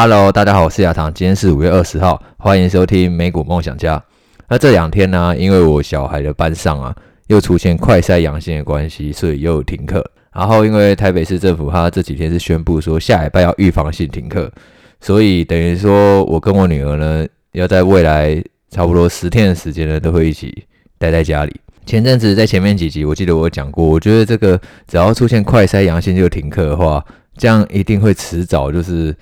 哈嘍，大家好，我是亞堂，今天是五月二十號，歡迎收聽美股夢想家。那這兩天呢、啊，因為我小孩的班上啊，又出現快篩陽性的關係，所以又有停課。然後因為台北市政府他這幾天是宣布說下禮拜要預防性停課，所以等於說我跟我女兒呢，要在未來差不多十天的時間呢，都會一起待在家裡。前陣子在前面幾集，我記得我有講過，我覺得這個只要出現快篩陽性就停課的話，這樣一定會遲早就是。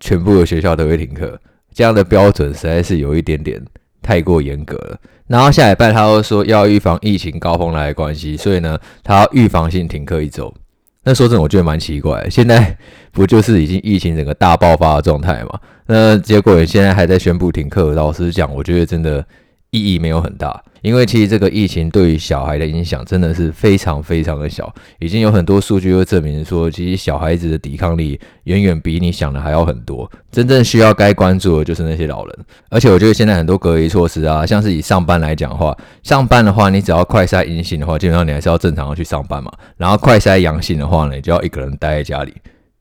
全部的學校都會停課，這樣的標準實在是有一點點太過嚴格了。然後下禮拜他又說要預防疫情高峰來的關係，所以呢，他要預防性停課一周。那說真的，我覺得蠻奇怪。現在不就是已經疫情整個大爆發的狀態嗎？那結果現在還在宣布停課。老實講，我覺得真的意義沒有很大，因為其實這個疫情對於小孩的影響真的是非常非常的小，已經有很多數據會證明說，其實小孩子的抵抗力遠遠比你想的還要很多。真正需要該關注的就是那些老人，而且我覺得現在很多隔離措施啊，像是以上班來講的話，上班的話你只要快篩陰性的話，基本上你還是要正常的去上班嘛，然後快篩陽性的話呢，你就要一個人待在家裡。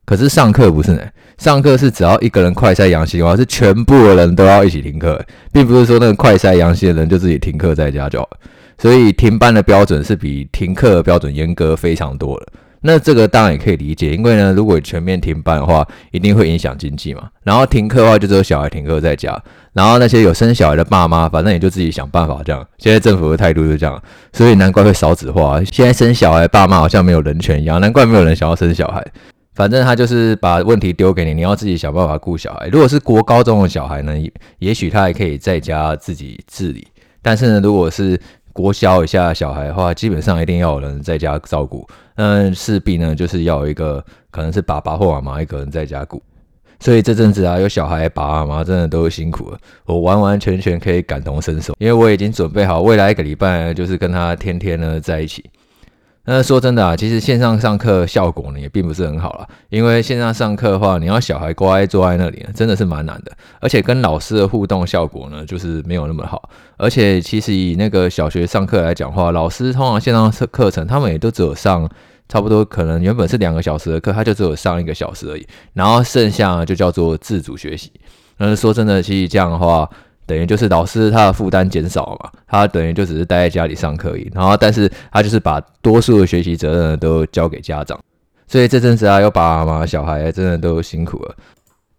可是上課不是呢、欸，上課是只要一個人快篩陽性的話，是全部的人都要一起停課，欸，並不是說那個快篩陽性的人就自己停課在家就好。所以停班的標準是比停課的標準嚴格非常多的。那這個當然也可以理解，因為呢，如果你全面停班的話，一定會影響經濟嘛。然後停課的話，就只有小孩停課在家，然後那些有生小孩的爸媽，反正也就自己想辦法這樣。現在政府的態度就這樣，所以難怪會少子化。現在生小孩的爸媽好像沒有人權一樣，難怪沒有人想要生小孩。反正他就是把問題丟給你，你要自己想辦法顧小孩。如果是國高中的小孩呢，也許他還可以在家自己自理。但是呢，如果是國小以下小孩的話，基本上一定要有人在家照顧。嗯，勢必呢就是要有一個可能是爸爸或媽媽一個人在家顧。所以這陣子啊，有小孩爸媽真的都辛苦了。我完完全全可以感同身受，因為我已經準備好未來一個禮拜就是跟他天天呢在一起。那說真的啊，其實線上上課效果呢也並不是很好了，因為線上上課的話，你要小孩乖乖坐在那裡，真的是蠻難的，而且跟老師的互動效果呢就是沒有那麼好。而且其實以那個小學上課來講話，老師通常線上課程，他們也都只有上差不多，可能原本是兩個小時的課，他就只有上一個小時而已，然後剩下就叫做自主學習。那說真的，其實這樣的話。等於就是老師他的負擔減少了嘛，他等於就只是待在家裡上課而已。然後，但是他就是把多數的學習責任都交給家長，所以這陣子啊，有爸媽小孩真的都辛苦了。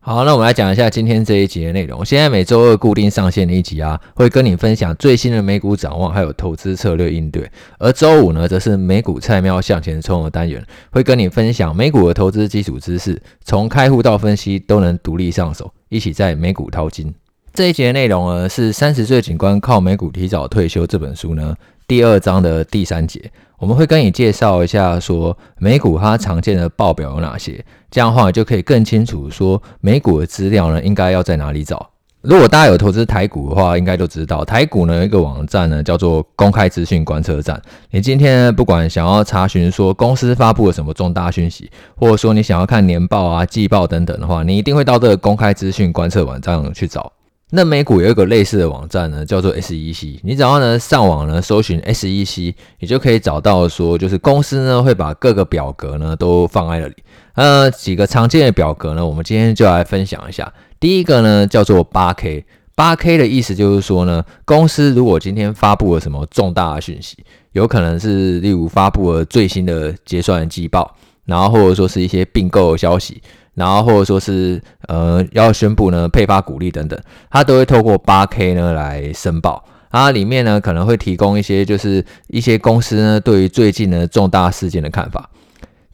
好，那我們來講一下今天這一集的內容。現在每周二固定上線的一集啊，會跟你分享最新的美股展望還有投資策略應對。而周五呢，則是美股菜喵向前衝的單元，會跟你分享美股的投資基礎知識，從開戶到分析都能獨立上手，一起在美股淘金。這一節內容呢，是三十歲警官靠美股提早退休這本書呢，第二章的第三節，我們會跟你介紹一下說美股它常見的報表有哪些，這樣的話你就可以更清楚說美股的資料呢應該要在哪裡找。如果大家有投資台股的話，應該都知道台股呢有一個網站呢叫做公開資訊觀測站。你今天不管想要查詢說公司發布了什麼重大訊息，或者說你想要看年報啊、季報等等的話，你一定會到這個公開資訊觀測網站去找。那美股有一個類似的網站呢，叫做 SEC。你只要呢上網呢搜尋 SEC，你就可以找到說，就是公司呢會把各個表格呢都放在那裡。那幾個常見的表格呢，我們今天就來分享一下。第一個呢叫做 8K，8K 8K 的意思就是說呢，公司如果今天發布了什麼重大的訊息，有可能是例如發布了最新的結算的季報，然後或者說是一些併購消息。然後或者說是呃要宣布呢配發股利等等，它都會透過八 K 呢來申報。它裡面呢可能會提供一些就是一些公司呢對於最近呢重大事件的看法。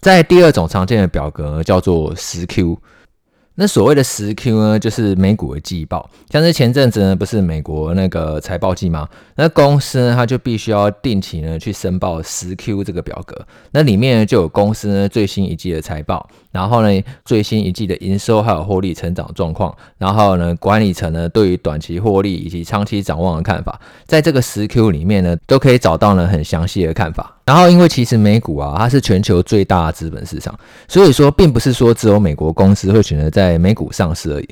在第二種常見的表格呢叫做十 Q，那所謂的十 Q 呢就是美股的季報，像是前陣子呢不是美國那個財報季嗎？那公司呢它就必須要定期呢去申報十 Q 這個表格，那裡面呢就有公司呢最新一季的財報。然後呢，最新一季的營收還有獲利成長狀況，然後呢，管理層呢對於短期獲利以及長期展望的看法，在這個十 Q 裡面呢，都可以找到呢很詳細的看法。然後，因為其實美股啊，它是全球最大的資本市場，所以說，並不是說只有美國公司會選擇在美股上市而已，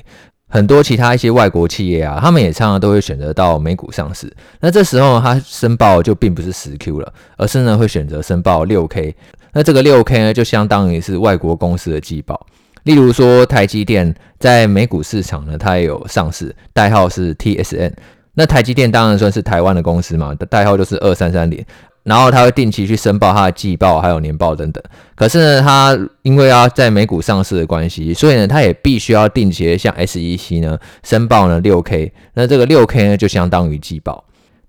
很多其他一些外國企業啊，他們也常常都會選擇到美股上市。那這時候它申報就並不是十 Q 了，而是呢會選擇申報六 K。那這個六 K 呢，就相當於是外國公司的季報，例如說台積電在美股市場呢，它也有上市，代號是 TSM，那台積電當然算是台灣的公司嘛，代號就是二三三零。然後它會定期去申報它的季報，還有年報等等。可是呢，它因為要在美股上市的關係，所以呢，它也必須要定期的向 SEC 呢申報呢六 K。那這個六 K 呢，就相當於季報。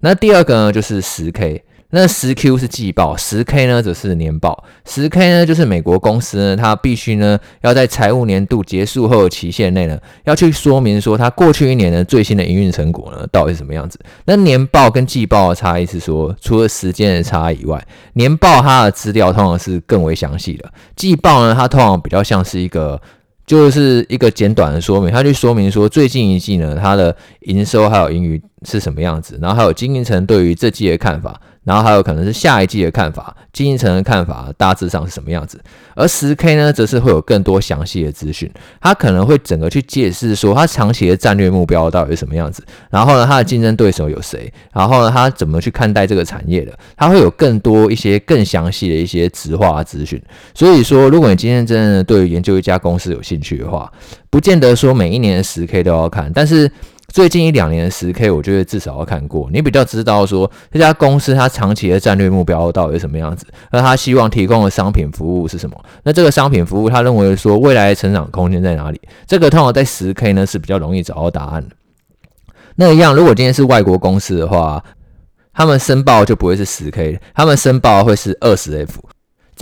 那第二個呢，就是十 K。那 10-Q 是季報，10-K 呢則是年報。10-K 呢就是美國公司呢，它必須呢要在財務年度結束後的期限內呢，要去說明說它過去一年的最新的營運成果呢到底是什麼樣子。那年報跟季報的差異是說，除了時間的差異以外，年報它的資料通常是更為詳細的。季報呢，它通常比較像是一個，就是一個簡短的說明，它去說明說最近一季呢它的營收還有盈餘。是什麼樣子？然後還有經營層對於這季的看法，然後還有可能是下一季的看法，經營層的看法大致上是什麼樣子？而十 K 呢，則是會有更多詳細的資訊，他可能會整個去解釋說他長期的戰略目標到底是什麼樣子。然後呢，他的競爭對手有誰？然後呢，他怎麼去看待這個產業的？他會有更多一些更詳細的一些質化資訊。所以說，如果你今天真的對於研究一家公司有興趣的話，不見得說每一年十 K 都要看，但是。最近一兩年的十 K，我覺得至少要看過。你比較知道說這家公司它長期的戰略目標到底是什麼樣子，那它希望提供的商品服務是什麼？那這個商品服務，他認為說未來的成長空間在哪裡？這個通常在十 K 呢是比較容易找到答案的。那一樣，如果今天是外國公司的話，他們申報就不會是十 K，他們申報會是二十 F。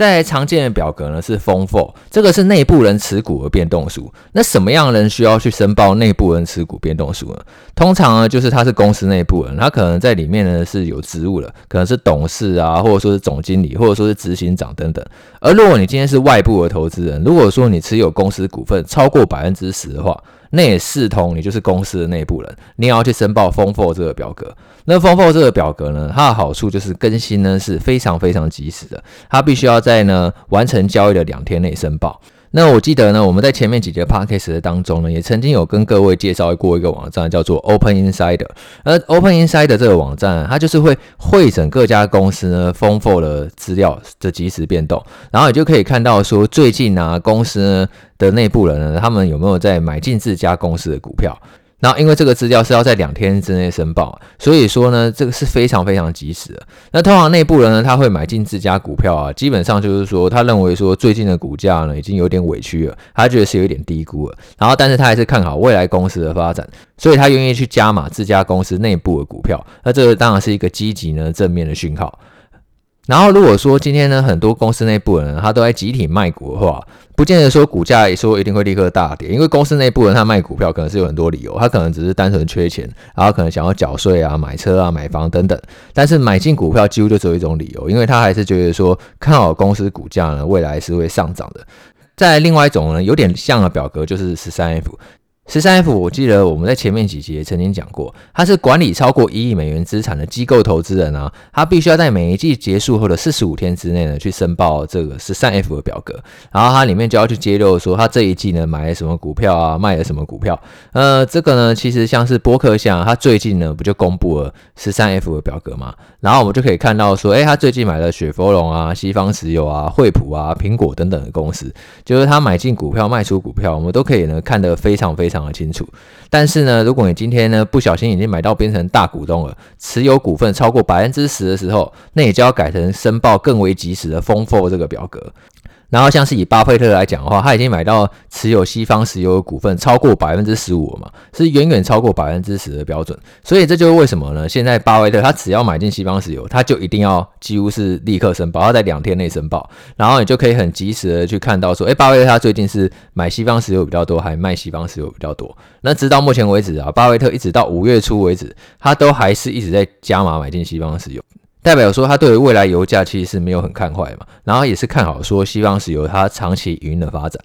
在常見的表格呢是 Form 4這個是內部人持股的變動書。那什麼樣的人需要去申報內部人持股變動書呢？通常呢就是他是公司內部人，他可能在裡面呢是有職務的，可能是董事啊，或者說是總經理，或者說是執行長等等。而如果你今天是外部的投資人，如果說你持有公司股份超過百分之十的話。那也視同你就是公司的內部人，你也要去申報豐 o 這個表格。那豐 o 這個表格呢，它的好處就是更新呢是非常非常及時的，它必須要在呢完成交易的兩天內申報。那我記得呢，我們在前面幾節 podcast 的當中呢，也曾經有跟各位介紹過一個網站，叫做 Open Insider。而 Open Insider 這個網站，它就是會匯整各家公司呢 Form 4的資料的即時變動，然後也就可以看到說最近啊公司呢的內部人呢，他們有沒有在買進自家公司的股票。那因為這個資料是要在兩天之內申報，所以說呢，這個是非常非常及時的。那通常內部人呢，他會買進自家股票啊，基本上就是說，他認為說最近的股價呢，已經有點委屈了，他覺得是有點低估了。然後，但是他還是看好未來公司的發展，所以他願意去加碼自家公司內部的股票。那這個當然是一個積極呢、正面的訊號。然後如果說今天呢，很多公司內部人呢他都在集體賣股的話，不見得說股價說一定會立刻大跌，因為公司內部人他賣股票可能是有很多理由，他可能只是單純缺錢，然後可能想要繳稅啊、買車啊、買房等等。但是買進股票幾乎就只有一種理由，因為他還是覺得說看好公司股價呢，未來是會上漲的。在另外一種呢，有點像的表格就是十三 F。十三 F，我記得我們在前面幾集也曾經講過，它是管理超過一億美元資產的機構投資人啊，他必須要在每一季結束後的四十五天之內呢去申報這個十三 F 的表格，然後它裡面就要去揭露說他這一季呢買了什麼股票啊，賣了什麼股票。呃，這個呢其實像是波克夏，他最近呢不就公布了十三 F 的表格嘛，然後我們就可以看到說，誒、欸，他最近買了雪佛龍啊、西方石油啊、惠普啊、蘋果等等的公司，就是他買進股票、賣出股票，我們都可以呢看得非常非常。非常的清楚，但是呢，如果你今天呢不小心已經買到變成大股東了，持有股份超過百分之十的時候，那也就要改成申報更為及時的 Form Four 這個表格。然後像是以巴菲特來講的話，他已經買到持有西方石油的股份超過百分之十五了嘛，是遠遠超過百分之十的標準。所以這就是為什麼呢？現在巴菲特他只要買進西方石油，他就一定要幾乎是立刻申報，他在兩天內申報，然後你就可以很及時的去看到說，哎、欸，巴菲特他最近是買西方石油比較多，還賣西方石油比較多。那直到目前為止啊，巴菲特一直到五月初為止，他都還是一直在加碼買進西方石油。代表說，他對於未來油價其實是沒有很看壞嘛，然後也是看好說西方石油它長期營運的發展。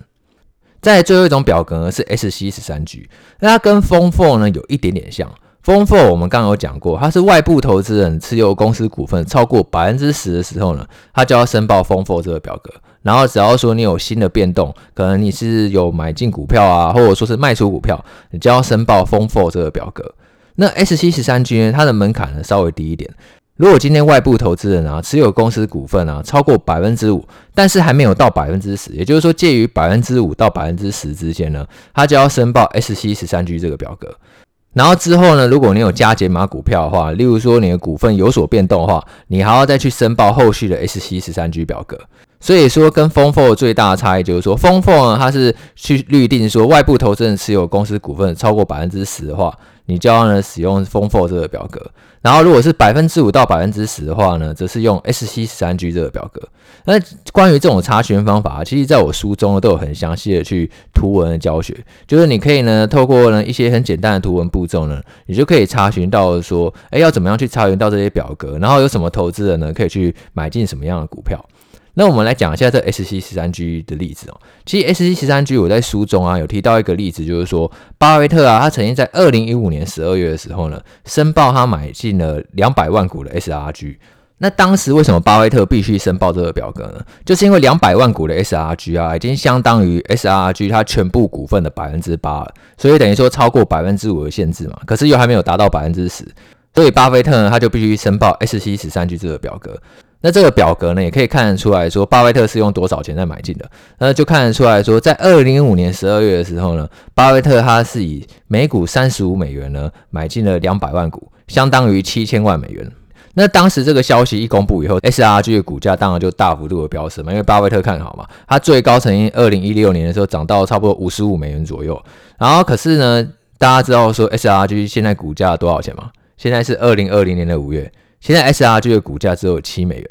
再來最後一種表格呢是 S C 十三 G，那它跟 Form Four 呢有一點點像。Form Four 我們剛剛有講過，它是外部投資人持有公司股份超過百分之十的時候呢，它就要申報 Form Four 這個表格。然後只要說你有新的變動，可能你是有買進股票啊，或者說是賣出股票，你就要申報 Form Four 這個表格。那 S C 十三 G 呢，它的門檻呢稍微低一點。如果今天外部投資人啊持有公司股份啊超過百分之五，但是還沒有到百分之十，也就是說介於百分之五到百分之十之間呢，他就要申報 SC13G 這個表格。然後之後呢，如果你有加減碼股票的話，例如說你的股份有所變動的話，你還要再去申報後續的 SC13G 表格。所以說跟 Form 4最大的差異就是說，Form 4呢，它是去預定說外部投資人持有公司股份超過百分之十的話。你就要呢使用 Form 4這個表格，然後如果是百分之五到百分之十的話呢，則是用 SC 13G 這個表格。那關於這種查詢方法，其實在我書中呢都有很詳細的去圖文的教學，就是你可以呢透過呢一些很簡單的圖文步驟呢，你就可以查詢到說，哎、欸、要怎麼樣去查詢到這些表格，然後有什麼投資人呢可以去買進什麼樣的股票。那我們來講一下這 S C 十三 G 的例子哦。其實 S C 十三 G 我在書中啊有提到一個例子，就是說巴菲特啊，他曾經在二零一五年十二月的時候呢，申報他買進了兩百萬股的 S R G。那當時為什麼巴菲特必須申報這個表格呢？就是因為兩百萬股的 S R G 啊，已經相當於 S R G 它全部股份的百分之八了，所以等於說超過百分之五的限制嘛。可是又還沒有達到百分之十，所以巴菲特呢，他就必須申報 S C 十三 G 這個表格。那這個表格呢，也可以看得出來說，巴菲特是用多少錢在買進的？那就看得出來說，在二零一五年十二月的時候呢，巴菲特他是以每股三十五美元呢買進了兩百萬股，相當於七千萬美元。那當時這個消息一公布以後，SRG 的股價當然就大幅度的飆升嘛，因為巴菲特看好嘛。它最高曾經二零一六年的時候漲到差不多五十五美元左右。然後可是呢，大家知道說 SRG 現在股價多少錢嗎？現在是二零二零年的五月。現在 SRG 的股價只有七美元，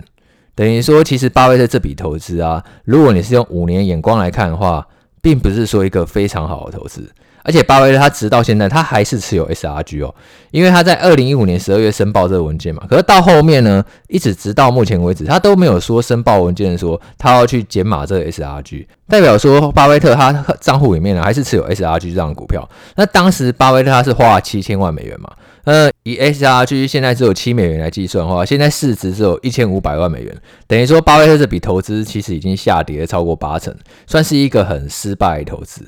等於說，其實巴菲特這筆投資啊，如果你是用五年眼光來看的話，並不是說一個非常好的投資。而且巴菲特他直到現在他還是持有 SRG 哦，因為他在二零一五年十二月申報這個文件嘛。可是到後面呢，一直直到目前為止，他都沒有說申報文件說他要去減碼這個 SRG，代表說巴菲特他賬戶裡面呢還是持有 SRG 這樣的股票。那當時巴菲特他是花了七千萬美元嘛？呃、嗯，以 SRG 現在只有七美元來計算的話，現在市值只有一千五百萬美元，等於說巴菲特這筆投資其實已經下跌了超過八成，算是一個很失敗的投資。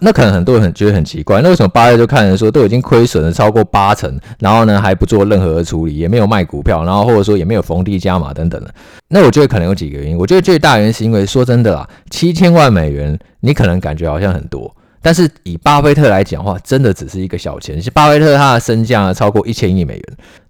那可能很多人覺得很奇怪，那為什麼巴菲特看人說都已經虧損了超過八成，然後呢還不做任何的處理，也沒有賣股票，然後或者說也沒有逢低加碼等等的？那我覺得可能有幾個原因。我覺得最大原因是因為說真的啦，七千萬美元你可能感覺好像很多。但是以巴菲特來講的話，真的只是一個小錢。巴菲特他的身價超過一千億美元，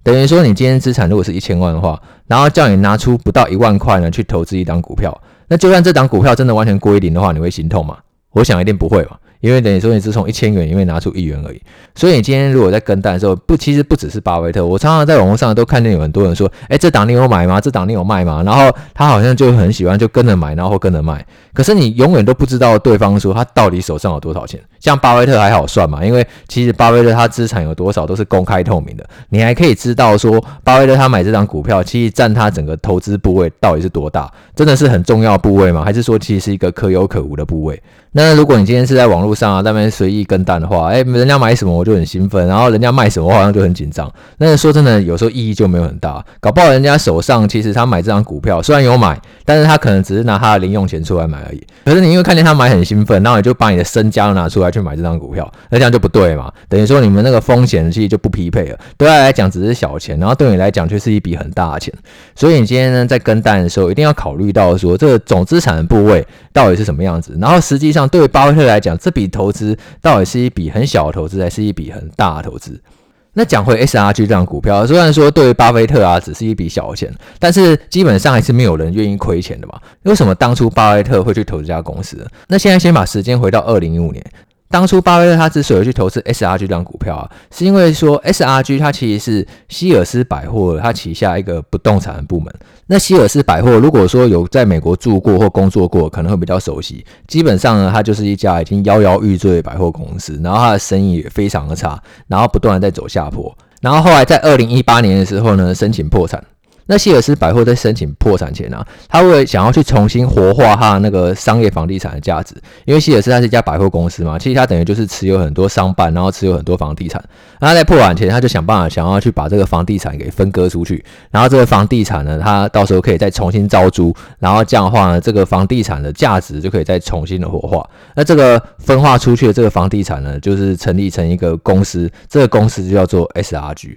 等於說你今天資產如果是一千萬的話，然後叫你拿出不到一萬塊呢去投資一檔股票，那就算這檔股票真的完全歸零的話，你會心痛嗎？我想一定不會吧。因為等於說你是從一千元裡面拿出一元而已。所以你今天如果在跟單的時候，不，其實不只是巴菲特，我常常在網絡上都看見有很多人說，誒，這檔你有買嗎？這檔你有賣嗎？然後他好像就很喜歡就跟着買，然後跟着賣。可是你永遠都不知道對方說他到底手上有多少錢。像巴菲特還好算嘛，因為其實巴菲特他資產有多少都是公開透明的，你還可以知道說巴菲特他買這檔股票，其實占他整個投資部位到底是多大，真的是很重要的部位嗎？還是說其實是一個可有可無的部位？那如果你今天是在網絡上啊，那邊隨意跟單的話，哎、欸，人家買什麼我就很興奮，然後人家賣什麼我好像就很緊張。那說真的，有時候意義就沒有很大。搞不好人家手上其實他買這張股票雖然有買，但是他可能只是拿他的零用錢出來買而已。可是你因為看見他買很興奮，然後你就把你的身家拿出來去買這張股票，那這樣就不對嘛，等於說你們那個風險其實就不匹配了。對他來講只是小錢，然後對你來講卻是一筆很大的錢。所以你今天呢在跟單的時候，一定要考慮到說這個總資產的部位到底是什麼樣子，然後實際上。對於巴菲特來講，這筆投資到底是一筆很小的投資，還是一筆很大的投資？那講回 SRG 這張股票，雖然說對於巴菲特啊只是一筆小的錢，但是基本上還是沒有人願意虧錢的嘛。為什麼當初巴菲特會去投這家公司呢？那現在先把時間回到二零一五年。當初巴菲特他之所以去投資 SRG 這張股票啊，是因為說 SRG 它其實是希爾斯百貨它旗下一個不動產的部門。那希爾斯百貨，如果說有在美國住過或工作過，可能會比較熟悉。基本上呢，它就是一家已經搖搖欲墜的百貨公司，然後它的生意也非常的差，然後不斷的在走下坡。然後後來在二零一八年的時候呢，申請破產。那希爾斯百貨在申請破產前啊，他為了想要去重新活化他那個商業房地產的價值，因為希爾斯它是一家百貨公司嘛，其實它等於就是持有很多商辦，然後持有很多房地產。那他在破產前，他就想辦法想要去把這個房地產給分割出去，然後這個房地產呢，它到時候可以再重新招租，然後這樣的話呢，這個房地產的價值就可以再重新的活化。那這個分化出去的這個房地產呢，就是成立成一個公司，這個公司就叫做 SRG。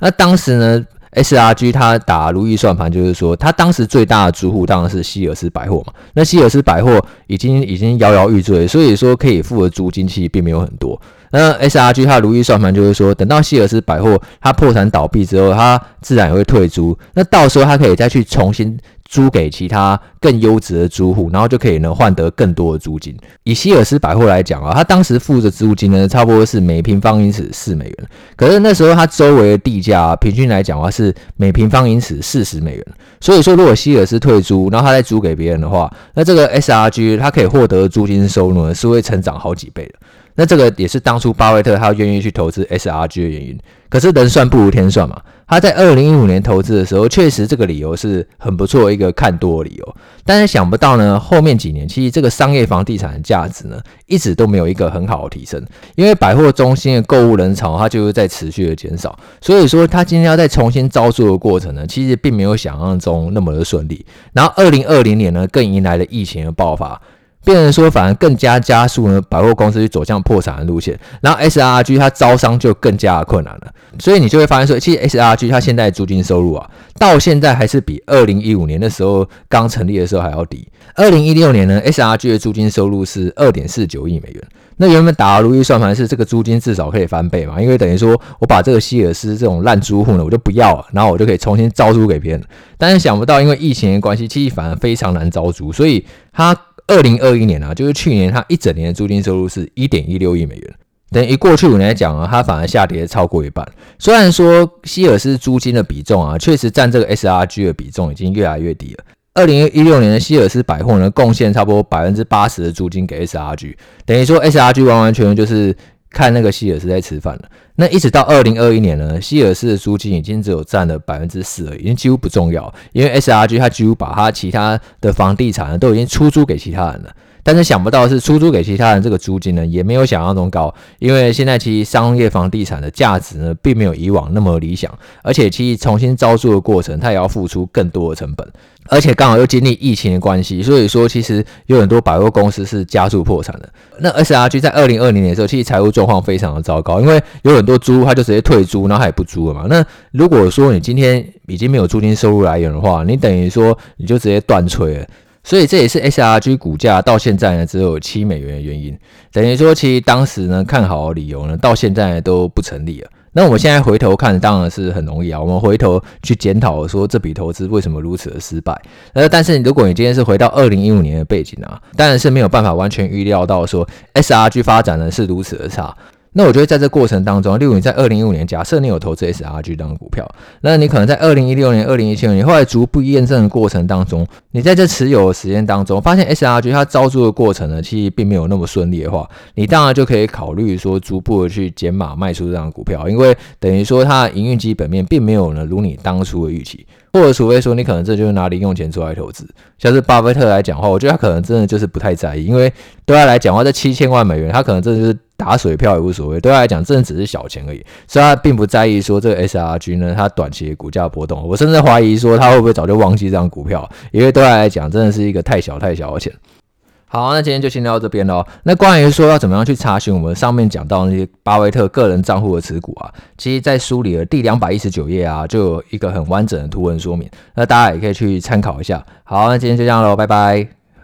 那當時呢，SRG 他打如意算盤，就是說他當時最大的租戶當然是希爾斯百貨嘛。那希爾斯百貨已經已經搖搖欲墜，所以說可以付的租金其實並沒有很多。那 SRG 它的如意算盤就是說，等到希爾斯百貨它破產倒閉之後，它自然也會退租。那到時候它可以再去重新租給其他更優質的租戶，然後就可以呢換得更多的租金。以希爾斯百貨來講啊，它當時付的租金呢，差不多是每平方英尺四美元。可是那時候它周圍的地價啊，平均來講啊是每平方英尺四十美元。所以說，如果希爾斯退租，然後它再租給別人的話，那這個 SRG 它可以獲得租金收入呢，是會成長好幾倍的。那這個也是當初巴菲特他願意去投資 SRG 的原因。可是人算不如天算嘛，他在二零一五年投資的時候，確實這個理由是很不錯一個看多的理由。但是想不到呢，後面幾年其實這個商業房地產的價值呢，一直都沒有一個很好的提升，因為百貨中心的購物人潮它就是在持續的減少。所以說他今天要再重新招租的過程呢，其實並沒有想象中那麼的順利。然後二零二零年呢，更迎來了疫情的爆發。變成說，反而更加加速呢，百貨公司去走向破產的路線。然後，SRG 它招商就更加困難了。所以你就會發現說，其實 SRG 它現在的租金收入啊，到現在還是比二零一五年的時候剛成立的時候還要低。二零一六年呢，SRG 的租金收入是二點四九億美元。那原本打了如意算盤是這個租金至少可以翻倍嘛。因為等於說，我把這個希爾斯這種爛租戶呢，我就不要了，然後我就可以重新招租給別人。但是想不到，因為疫情的關係，其實反而非常難招租，所以它二零二一年啊，就是去年，它一整年的租金收入是一點一六億美元。等於過去五年來講啊，它反而下跌超過一半。雖然說希爾斯租金的比重啊，確實佔這個 SRG 的比重已經越來越低了。二零一六年的希爾斯百貨呢，貢獻差不多百分之八十的租金給 SRG，等於說 SRG 完完全全就是看那個希爾斯在吃飯了。那一直到二零二一年呢，希爾斯的租金已經只有占了百分之四而已，已經幾乎不重要，因為 S R G 它幾乎把它其他的房地產呢都已經出租給其他人了。但是想不到是出租給其他人，這個租金呢也沒有想象中高，因為現在其實商業房地產的價值呢並沒有以往那麼理想，而且其實重新招租的過程它也要付出更多的成本，而且剛好又經歷疫情的關係，所以說其實有很多百貨公司是加速破產的。那 S R G 在二零二零年的時候，其實財務狀況非常的糟糕，因為有很多很多租，他就直接退租，然後他也不租了嘛。那如果說你今天已經沒有租金收入來源的話，你等於說你就直接斷炊了。所以這也是 SRG 股價到現在呢只有七美元的原因。等於說，其實當時呢看好的理由呢到現在呢都不成立了。那我們現在回頭看，當然是很容易啊。我們回頭去檢討說這筆投資為什麼如此的失敗。呃，但是如果你今天是回到二零一五年的背景啊，當然是沒有辦法完全預料到說 SRG 發展呢是如此的差。那我覺得在這過程當中，例如你在二零一五年假設你有投資 S R G 當股票，那你可能在二零一六年、二零一七年你後來逐步驗證的過程當中，你在這持有的時間當中發現 S R G 它招租的過程呢，其實並沒有那麼順利的話，你當然就可以考慮說逐步的去減碼賣出這張股票，因為等於說它營運基本面並沒有呢如你當初的預期，或者除非說你可能這就是拿零用錢出來投資，像是巴菲特來講話，我覺得他可能真的就是不太在意，因為對他來講話這七千萬美元，他可能真的、就是。打水漂也無所謂，對他來講，真的只是小錢而已，所以他並不在意說這個 SRG 呢，它短期的股價波動。我甚至懷疑說，他會不會早就忘記這張股票，因為對他來講，真的是一個太小太小的錢。好，那今天就先聊到這邊嘍。那關於說要怎麼樣去查詢我們上面講到那些巴菲特個人賬戶的持股啊，其實在書裡的第兩百一十九頁啊，就有一個很完整的圖文說明，那大家也可以去參考一下。好，那今天就這樣嘍，拜拜。